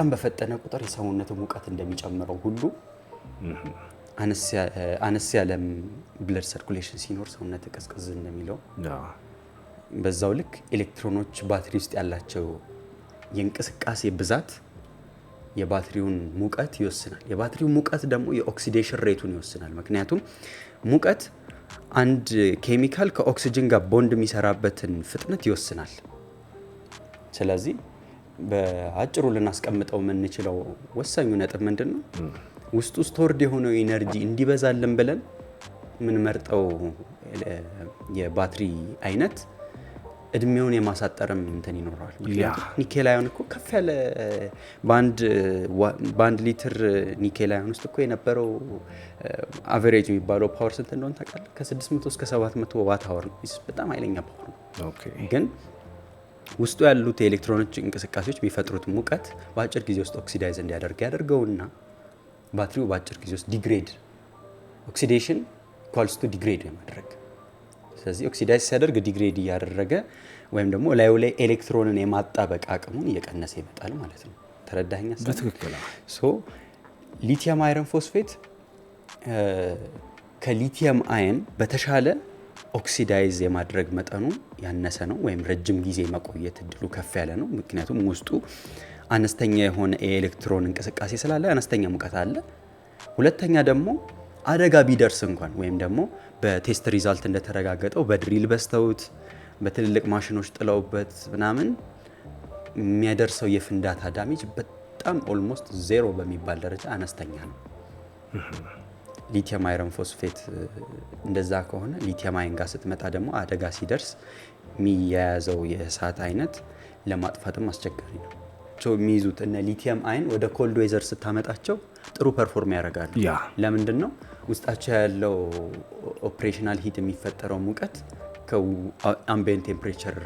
ቀን በፈጠነ ቁጥር የሰውነት ሙቀት እንደሚጨምረው ሁሉ አነስ ያለም ብለድ ሰርኩሌሽን ሲኖር ሰውነት ቀዝቀዝ እንደሚለው በዛው ልክ ኤሌክትሮኖች ባትሪ ውስጥ ያላቸው የእንቅስቃሴ ብዛት የባትሪውን ሙቀት ይወስናል። የባትሪው ሙቀት ደግሞ የኦክሲዴሽን ሬቱን ይወስናል። ምክንያቱም ሙቀት አንድ ኬሚካል ከኦክሲጅን ጋር ቦንድ የሚሰራበትን ፍጥነት ይወስናል። ስለዚህ በአጭሩ ልናስቀምጠው የምንችለው ወሳኙ ነጥብ ምንድን ነው? ውስጡ ስቶርድ የሆነው ኢነርጂ እንዲበዛልን ብለን የምንመርጠው የባትሪ አይነት እድሜውን የማሳጠርም እንትን ይኖረዋል። ኒኬል አዮን እኮ ከፍ ያለ በአንድ ሊትር ኒኬል አዮን ውስጥ እኮ የነበረው አቨሬጅ የሚባለው ፓወር ስንት እንደሆነ ታውቃለህ? ከ600 እስከ 700 ዋት አወር ነው። በጣም ኃይለኛ ፓወር ነው ግን ውስጡ ያሉት የኤሌክትሮኖች እንቅስቃሴዎች የሚፈጥሩት ሙቀት በአጭር ጊዜ ውስጥ ኦክሲዳይዝ እንዲያደርግ ያደርገውና ባትሪው በአጭር ጊዜ ውስጥ ዲግሬድ ኦክሲዴሽን ኳልስቱ ዲግሬድ የማድረግ ስለዚህ ኦክሲዳይዝ ሲያደርግ ዲግሬድ እያደረገ ወይም ደግሞ ላዩ ላይ ኤሌክትሮንን የማጣበቅ አቅሙን እየቀነሰ ይመጣል ማለት ነው። ተረዳኛ ሶ ሊቲየም አይረን ፎስፌት ከሊቲየም አየን በተሻለ ኦክሲዳይዝ የማድረግ መጠኑ ያነሰ ነው ወይም ረጅም ጊዜ መቆየት እድሉ ከፍ ያለ ነው። ምክንያቱም ውስጡ አነስተኛ የሆነ የኤሌክትሮን እንቅስቃሴ ስላለ አነስተኛ ሙቀት አለ። ሁለተኛ ደግሞ አደጋ ቢደርስ እንኳን ወይም ደግሞ በቴስት ሪዛልት እንደተረጋገጠው በድሪል በስተውት በትልልቅ ማሽኖች ጥለውበት ምናምን የሚያደርሰው የፍንዳታ ዳሜጅ በጣም ኦልሞስት ዜሮ በሚባል ደረጃ አነስተኛ ነው። ሊቲየም አይረን ፎስፌት እንደዛ ከሆነ ሊቲየም አይን ጋር ስትመጣ ደግሞ አደጋ ሲደርስ የሚያያዘው የእሳት አይነት ለማጥፋትም አስቸጋሪ ነው። የሚይዙት እነ ሊቲየም አይን ወደ ኮልድ ዌዘር ስታመጣቸው ጥሩ ፐርፎርም ያደርጋሉ። ለምንድን ነው ውስጣቸው ያለው ኦፕሬሽናል ሂት የሚፈጠረው ሙቀት ከአምቢየንት ቴምፕሬቸር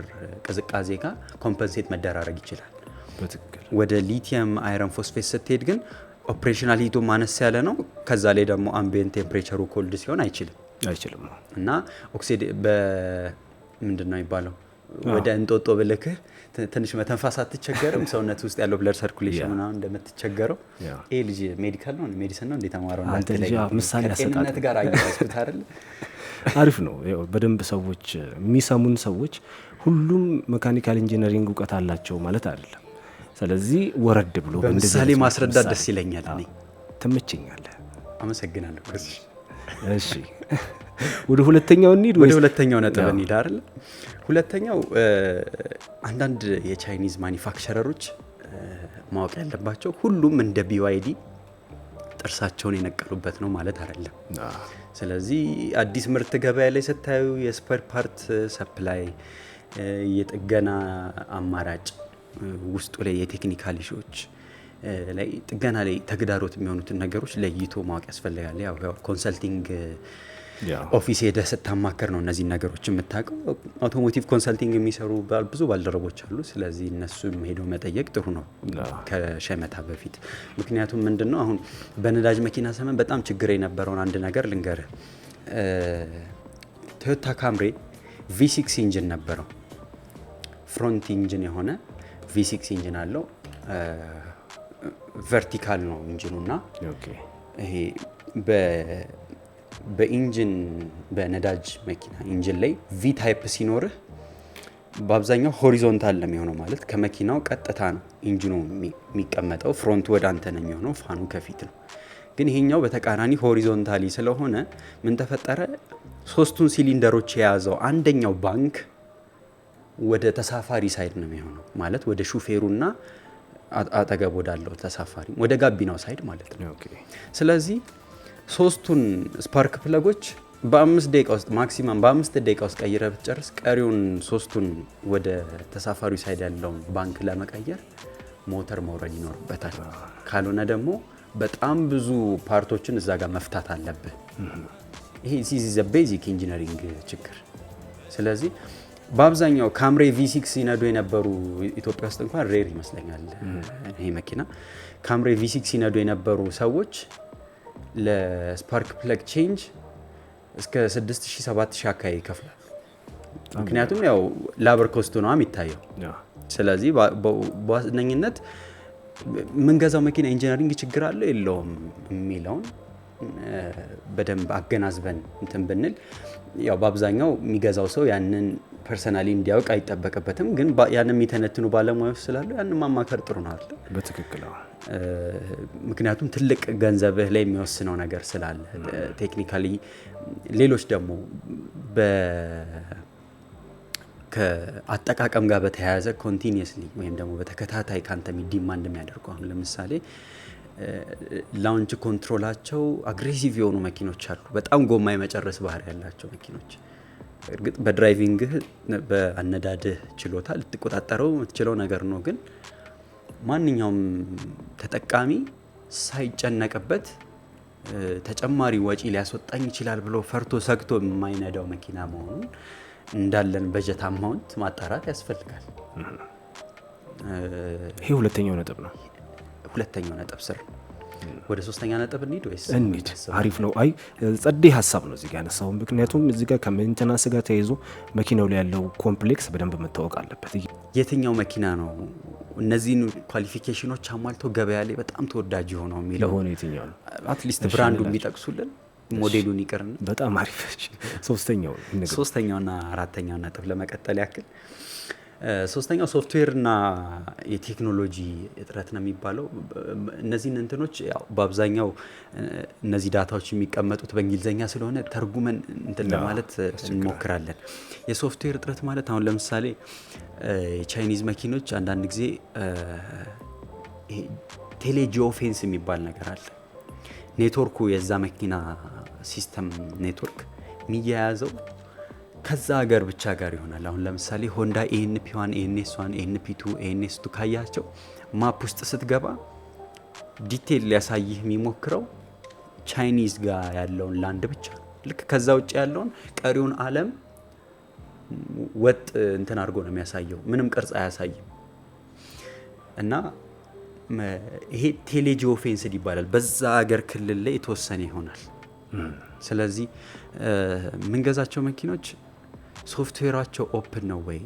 ቅዝቃዜ ጋር ኮምፐንሴት መደራረግ ይችላል። ወደ ሊቲየም አይረን ፎስፌት ስትሄድ ግን ኦፕሬሽናል ሂቱ ማነስ ያለ ነው። ከዛ ላይ ደግሞ አምቢየንት ቴምፕሬቸሩ ኮልድ ሲሆን አይችልም አይችልም እና ኦክሲድ ምንድን ነው የሚባለው ወደ እንጦጦ ብልክህ ትንሽ መተንፋስ አትቸገርም። ሰውነት ውስጥ ያለው ብለድ ሰርኩሌሽን ምናምን እንደምትቸገረው ይሄ ልጅ ሜዲካል ነው ሜዲሲን ነው እንደተማረው ከጤንነት ጋር አያስኩት አይደል? አሪፍ ነው። በደንብ ሰዎች የሚሰሙን ሰዎች ሁሉም መካኒካል ኢንጂነሪንግ እውቀት አላቸው ማለት አይደለም። ስለዚህ ወረድ ብሎ በምሳሌ ማስረዳት ደስ ይለኛል። እኔ ትምችኛለህ። አመሰግናለሁ። እሺ ወደ ሁለተኛው እንሂድ። ወደ ሁለተኛው ነጥብ እንሂድ አይደል? ሁለተኛው አንዳንድ የቻይኒዝ ማኒፋክቸረሮች ማወቅ ያለባቸው ሁሉም እንደ ቢዋይዲ ጥርሳቸውን የነቀሉበት ነው ማለት አይደለም። ስለዚህ አዲስ ምርት ገበያ ላይ ስታዩ የስፐር ፓርት ሰፕላይ፣ የጥገና አማራጭ ውስጡ ላይ የቴክኒካል ሾዎች ላይ ጥገና ላይ ተግዳሮት የሚሆኑትን ነገሮች ለይቶ ማወቅ ያስፈልጋል። ያው ኮንሰልቲንግ ኦፊስ ሄደህ ስታማከር ነው እነዚህን ነገሮች የምታውቀው። አውቶሞቲቭ ኮንሰልቲንግ የሚሰሩ ብዙ ባልደረቦች አሉ። ስለዚህ እነሱ ሄደው መጠየቅ ጥሩ ነው ከሸመታ በፊት። ምክንያቱም ምንድን ነው አሁን በነዳጅ መኪና ሰመን በጣም ችግር የነበረውን አንድ ነገር ልንገር ቶዮታ ካምሬ ቪሲክስ ኢንጂን ነበረው ፍሮንት ኢንጂን የሆነ ቪሲክስ ኢንጂን አለው። ቨርቲካል ነው ኢንጂኑ እና ይሄ በኢንጂን በነዳጅ መኪና ኢንጂን ላይ ቪ ታይፕ ሲኖርህ በአብዛኛው ሆሪዞንታል ነው የሚሆነው። ማለት ከመኪናው ቀጥታ ነው ኢንጂኑ የሚቀመጠው፣ ፍሮንቱ ወደ አንተ ነው የሚሆነው፣ ፋኑ ከፊት ነው። ግን ይሄኛው በተቃራኒ ሆሪዞንታሊ ስለሆነ ምን ተፈጠረ? ሶስቱን ሲሊንደሮች የያዘው አንደኛው ባንክ ወደ ተሳፋሪ ሳይድ ነው የሚሆነው። ማለት ወደ ሹፌሩና አጠገብ ወዳለው ተሳፋሪ ወደ ጋቢናው ሳይድ ማለት ነው። ስለዚህ ሶስቱን ስፓርክ ፕለጎች በአምስት ደቂቃ ውስጥ ማክሲማም በአምስት ደቂቃ ውስጥ ቀይረ ብትጨርስ ቀሪውን ሶስቱን ወደ ተሳፋሪ ሳይድ ያለውን ባንክ ለመቀየር ሞተር መውረድ ይኖርበታል። ካልሆነ ደግሞ በጣም ብዙ ፓርቶችን እዛ ጋር መፍታት አለብህ። ይሄ ዚዝ ቤዚክ ኢንጂነሪንግ ችግር ስለዚህ በአብዛኛው ካምሬ ቪሲክስ ሲነዱ የነበሩ ኢትዮጵያ ውስጥ እንኳን ሬር ይመስለኛል ይሄ መኪና። ካምሬ ቪሲክስ ሲነዱ የነበሩ ሰዎች ለስፓርክ ፕለግ ቼንጅ እስከ 6700 አካባቢ ይከፍላል። ምክንያቱም ያው ላበር ኮስቱ ነው የሚታየው። ስለዚህ በዋነኝነት ምንገዛው መኪና ኢንጂነሪንግ ችግር አለው የለውም የሚለውን በደንብ አገናዝበን እንትን ብንል ያው በአብዛኛው የሚገዛው ሰው ያንን ፐርሰናሊ እንዲያውቅ አይጠበቅበትም። ግን ያንን የሚተነትኑ ባለሙያዎች ስላሉ ያንን ማማከር ጥሩ ነው አለ። በትክክል ምክንያቱም ትልቅ ገንዘብህ ላይ የሚወስነው ነገር ስላለ ቴክኒካሊ፣ ሌሎች ደግሞ ከአጠቃቀም ጋር በተያያዘ ኮንቲኒየስሊ ወይም ደግሞ በተከታታይ ከአንተ የሚዲማንድ የሚያደርጉ አሁን ለምሳሌ ላውንጅ ኮንትሮላቸው አግሬሲቭ የሆኑ መኪኖች አሉ። በጣም ጎማ የመጨረስ ባህሪ ያላቸው መኪኖች። እርግጥ በድራይቪንግህ በአነዳድህ ችሎታ ልትቆጣጠረው የምትችለው ነገር ነው። ግን ማንኛውም ተጠቃሚ ሳይጨነቅበት ተጨማሪ ወጪ ሊያስወጣኝ ይችላል ብሎ ፈርቶ ሰግቶ የማይነዳው መኪና መሆኑን እንዳለን በጀት አማውንት ማጣራት ያስፈልጋል። ይህ ሁለተኛው ነጥብ ነው። ሁለተኛው ነጥብ ስር ወደ ሶስተኛ ነጥብ እንሂድ ወይስ እንሂድ? አሪፍ ነው። አይ ጸዴ ሀሳብ ነው እዚጋ ያነሳው። ምክንያቱም እዚህ ጋር ከሜንተናንስ ጋር ተያይዞ መኪናው ላይ ያለው ኮምፕሌክስ በደንብ መታወቅ አለበት። የትኛው መኪና ነው እነዚህን ኳሊፊኬሽኖች አሟልቶ ገበያ ላይ በጣም ተወዳጅ የሆነው የሚለው የትኛው ነው? አትሊስት ብራንዱ የሚጠቅሱልን ሞዴሉን ይቅርና በጣም አሪፍ ሶስተኛው ሶስተኛውና አራተኛው ነጥብ ለመቀጠል ያክል ሶስተኛው ሶፍትዌርና የቴክኖሎጂ እጥረት ነው የሚባለው። እነዚህን እንትኖች በአብዛኛው እነዚህ ዳታዎች የሚቀመጡት በእንግሊዝኛ ስለሆነ ተርጉመን እንትን ለማለት እንሞክራለን። የሶፍትዌር እጥረት ማለት አሁን ለምሳሌ የቻይኒዝ መኪኖች አንዳንድ ጊዜ ቴሌጂኦፌንስ የሚባል ነገር አለ። ኔትወርኩ የዛ መኪና ሲስተም ኔትወርክ የሚያያዘው ከዛ ሀገር ብቻ ጋር ይሆናል። አሁን ለምሳሌ ሆንዳ ኤንፒ ዋን ኤንኤስ ዋን ኤንፒቱ ቱ ካያቸው ማፕ ውስጥ ስትገባ ዲቴል ሊያሳይህ የሚሞክረው ቻይኒዝ ጋር ያለውን ላንድ ብቻ ነው። ልክ ከዛ ውጭ ያለውን ቀሪውን ዓለም ወጥ እንትን አድርጎ ነው የሚያሳየው። ምንም ቅርጽ አያሳይም። እና ይሄ ቴሌጂኦ ይባላል። በዛ ሀገር ክልል ላይ የተወሰነ ይሆናል። ስለዚህ የምንገዛቸው መኪኖች ሶፍትዌራቸው ኦፕን ነው ወይ?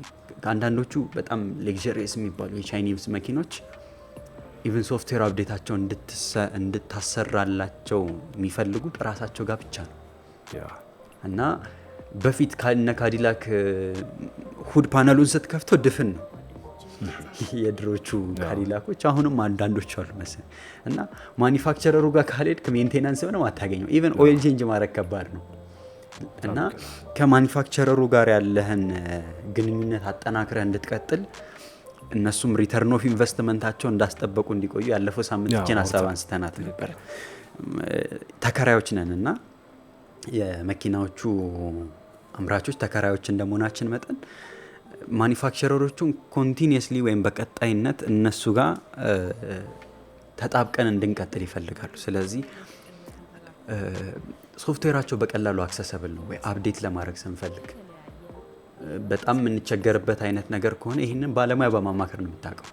አንዳንዶቹ በጣም ሌክዠሪየስ የሚባሉ የቻይኒዝ መኪኖች ኢቨን ሶፍትዌር አብዴታቸው እንድታሰራላቸው የሚፈልጉት ራሳቸው ጋር ብቻ ነው እና በፊት ከነ ካዲላክ ሁድ ፓነሉን ስትከፍተው ድፍን ነው የድሮቹ ካዲላኮች አሁንም አንዳንዶች አሉ መሰለኝ እና ማኒፋክቸረሩ ጋር ካልሄድክ ሜንቴናንስ ምንም አታገኘው። ኢቨን ኦይል ቼንጅ ማድረግ ከባድ ነው። እና ከማኒፋክቸረሩ ጋር ያለህን ግንኙነት አጠናክረህ እንድትቀጥል እነሱም ሪተርን ኦፍ ኢንቨስትመንታቸው እንዳስጠበቁ እንዲቆዩ ያለፈው ሳምንትችን ሀሳብ አንስተናት ነበር። ተከራዮች ነን እና የመኪናዎቹ አምራቾች ተከራዮች እንደመሆናችን መጠን ማኒፋክቸረሮቹን ኮንቲኒየስሊ ወይም በቀጣይነት እነሱ ጋር ተጣብቀን እንድንቀጥል ይፈልጋሉ። ስለዚህ ሶፍትዌራቸው በቀላሉ አክሰሰብል ነው ወይ? አፕዴት ለማድረግ ስንፈልግ በጣም የምንቸገርበት አይነት ነገር ከሆነ ይህንን ባለሙያ በማማከር ነው የምታውቀው።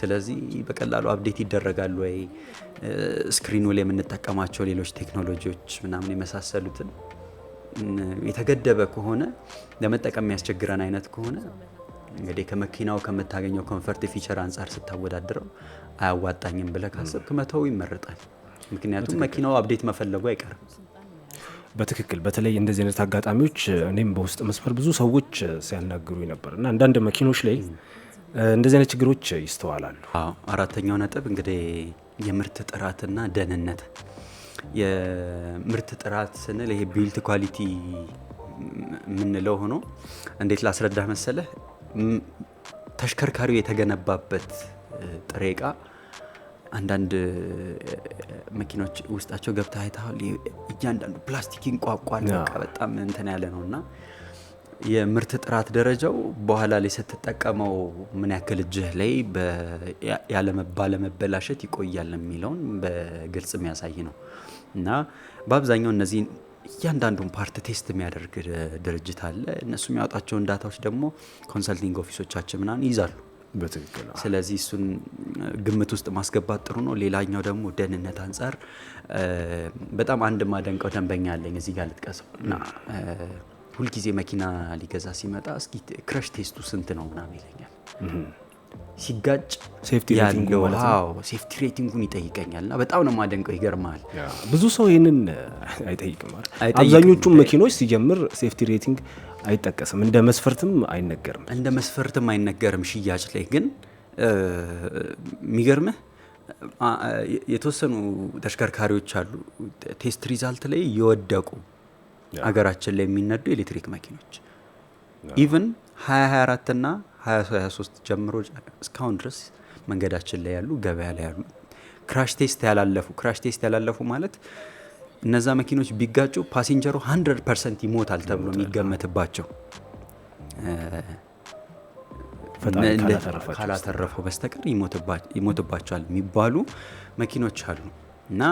ስለዚህ በቀላሉ አፕዴት ይደረጋሉ ወይ? ስክሪኑ ላይ የምንጠቀማቸው ሌሎች ቴክኖሎጂዎች ምናምን የመሳሰሉትን የተገደበ ከሆነ ለመጠቀም የሚያስቸግረን አይነት ከሆነ እንግዲህ ከመኪናው ከምታገኘው ኮንፈርት ፊቸር አንጻር ስታወዳድረው አያዋጣኝም ብለ ካሰብክ ክመተው ይመረጣል። ምክንያቱም መኪናው አብዴት መፈለጉ አይቀርም። በትክክል በተለይ እንደዚህ አይነት አጋጣሚዎች እኔም በውስጥ መስመር ብዙ ሰዎች ሲያናግሩ ነበር እና አንዳንድ መኪኖች ላይ እንደዚህ አይነት ችግሮች ይስተዋላሉ። አራተኛው ነጥብ እንግዲህ የምርት ጥራትና ደህንነት። የምርት ጥራት ስንል ይሄ ቢልት ኳሊቲ የምንለው ሆኖ እንዴት ላስረዳህ መሰለህ፣ ተሽከርካሪው የተገነባበት ጥሬ እቃ አንዳንድ መኪኖች ውስጣቸው ገብታ አይተል እያንዳንዱ ፕላስቲክ ይንቋቋል። በጣም እንትን ያለ ነው እና የምርት ጥራት ደረጃው በኋላ ላይ ስትጠቀመው ምን ያክል እጅህ ላይ ባለመበላሸት ይቆያል የሚለውን በግልጽ የሚያሳይ ነው እና በአብዛኛው እነዚህ እያንዳንዱን ፓርት ቴስት የሚያደርግ ድርጅት አለ። እነሱ የሚያወጣቸውን ዳታዎች ደግሞ ኮንሰልቲንግ ኦፊሶቻችን ምናምን ይይዛሉ። ስለዚህ እሱን ግምት ውስጥ ማስገባት ጥሩ ነው። ሌላኛው ደግሞ ደህንነት አንጻር በጣም አንድ ማደንቀው ደንበኛ ያለኝ እዚህ ጋር ልጥቀሰው ሁልጊዜ መኪና ሊገዛ ሲመጣ እስኪ ክረሽ ቴስቱ ስንት ነው ምናም ይለኛል። ሲጋጭ ሴፍቲ ሬቲንጉን ይጠይቀኛል እና በጣም ነው ማደንቀው። ይገርማል። ብዙ ሰው ይህንን አይጠይቅም። አብዛኞቹም መኪኖች ሲጀምር ሴፍቲ ሬቲንግ አይጠቀስም፣ እንደ መስፈርትም አይነገርም። እንደ መስፈርትም አይነገርም። ሽያጭ ላይ ግን የሚገርምህ የተወሰኑ ተሽከርካሪዎች አሉ ቴስት ሪዛልት ላይ የወደቁ አገራችን ላይ የሚነዱ ኤሌክትሪክ መኪኖች ኢቭን 224 እና 223 ጀምሮ እስካሁን ድረስ መንገዳችን ላይ ያሉ ገበያ ላይ ያሉ ክራሽ ቴስት ያላለፉ ክራሽ ቴስት ያላለፉ ማለት እነዛ መኪኖች ቢጋጩ ፓሴንጀሩ 100 ፐርሰንት ይሞታል ተብሎ የሚገመትባቸው ካላተረፈው በስተቀር ይሞትባቸዋል የሚባሉ መኪኖች አሉ እና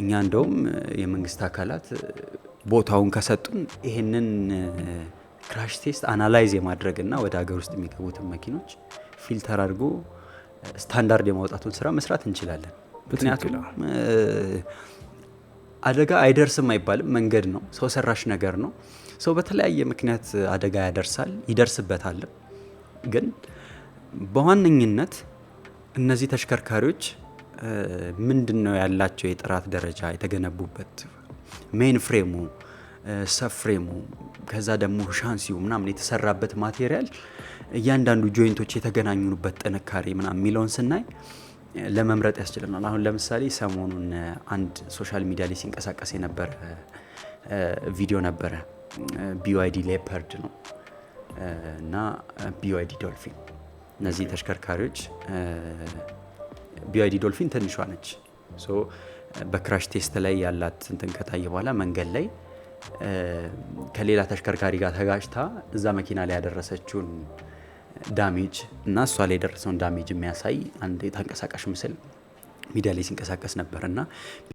እኛ እንደውም የመንግስት አካላት ቦታውን ከሰጡን ይህንን ክራሽ ቴስት አናላይዝ የማድረግ እና ወደ ሀገር ውስጥ የሚገቡትን መኪኖች ፊልተር አድርጎ ስታንዳርድ የማውጣቱን ስራ መስራት እንችላለን። ምክንያቱም አደጋ አይደርስም አይባልም። መንገድ ነው፣ ሰው ሰራሽ ነገር ነው። ሰው በተለያየ ምክንያት አደጋ ያደርሳል፣ ይደርስበታል። ግን በዋነኝነት እነዚህ ተሽከርካሪዎች ምንድን ነው ያላቸው የጥራት ደረጃ የተገነቡበት ሜን ፍሬሙ፣ ሰፍሬሙ ከዛ ደግሞ ሻንሲው ምናምን የተሰራበት ማቴሪያል፣ እያንዳንዱ ጆይንቶች የተገናኙበት ጥንካሬ ምናምን የሚለውን ስናይ ለመምረጥ ያስችለናል። አሁን ለምሳሌ ሰሞኑን አንድ ሶሻል ሚዲያ ላይ ሲንቀሳቀስ የነበረ ቪዲዮ ነበረ። ቢዋይዲ ሌፐርድ ነው እና ቢዋይዲ ዶልፊን። እነዚህ ተሽከርካሪዎች ቢዋይዲ ዶልፊን ትንሿ ነች። በክራሽ ቴስት ላይ ያላት እንትን ከታየ በኋላ መንገድ ላይ ከሌላ ተሽከርካሪ ጋር ተጋጭታ እዛ መኪና ላይ ያደረሰችውን ዳሜጅ እና እሷ ላይ የደረሰውን ዳሜጅ የሚያሳይ አንድ የተንቀሳቃሽ ምስል ሚዲያ ላይ ሲንቀሳቀስ ነበር እና